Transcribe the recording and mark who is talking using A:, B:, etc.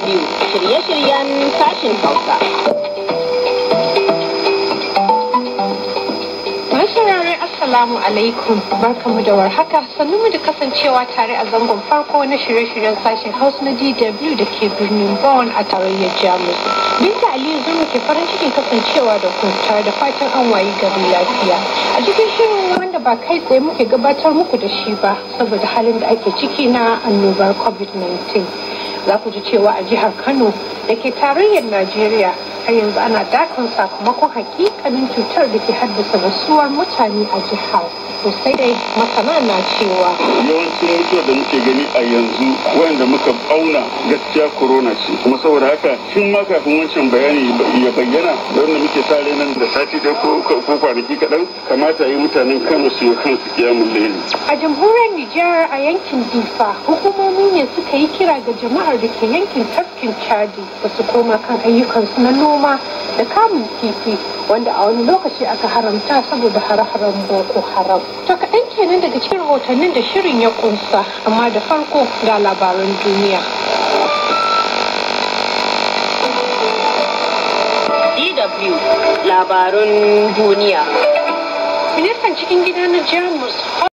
A: DW shirye-shiryen sashen Hausa. Assalamu alaikum barkamu da warhaka sannu mu da kasancewa tare a zangon farko na shirye-shiryen sashen Hausa na DW da ke birnin Bonn a tarayyar Jamus. Binta Aliyu Zuru ke farin cikin kasancewa da ku tare da fatan an wayi gari lafiya. A cikin shirin wanda ba kai tsaye muke gabatar muku da shi ba saboda halin da ake ciki na annobar COVID-19. za ku ji cewa a jihar kano da ke tarayyar najeriya har yanzu ana dakon sakamakon hakikanin cutar da ke haddasa rasuwar mutane a jihar sosai dai masana na cewa
B: yawancin mutuwa da muke gani a yanzu wayanda muka auna gaskiya corona ce kuma saboda haka tun ma kafin wancan bayani ya bayyana da wanda muke tare nan da sati da ko kwanaki kaɗan kamata yi mutanen kano su yi kansu kiyamun laili
A: a jamhuriyar nijar a yankin difa hukumomin ne suka yi kira ga jama'a jama'ar da ke yankin tafkin chadi ba su koma kan ayyukansu na noma da kamun kifi wanda a wani lokaci aka haramta saboda hare-haren boko haram to kaɗan kenan daga cikin rahotannin da shirin ya kunsa amma da farko ga labaran duniya
C: DW
A: labarun duniya
C: ministan cikin gida na jamus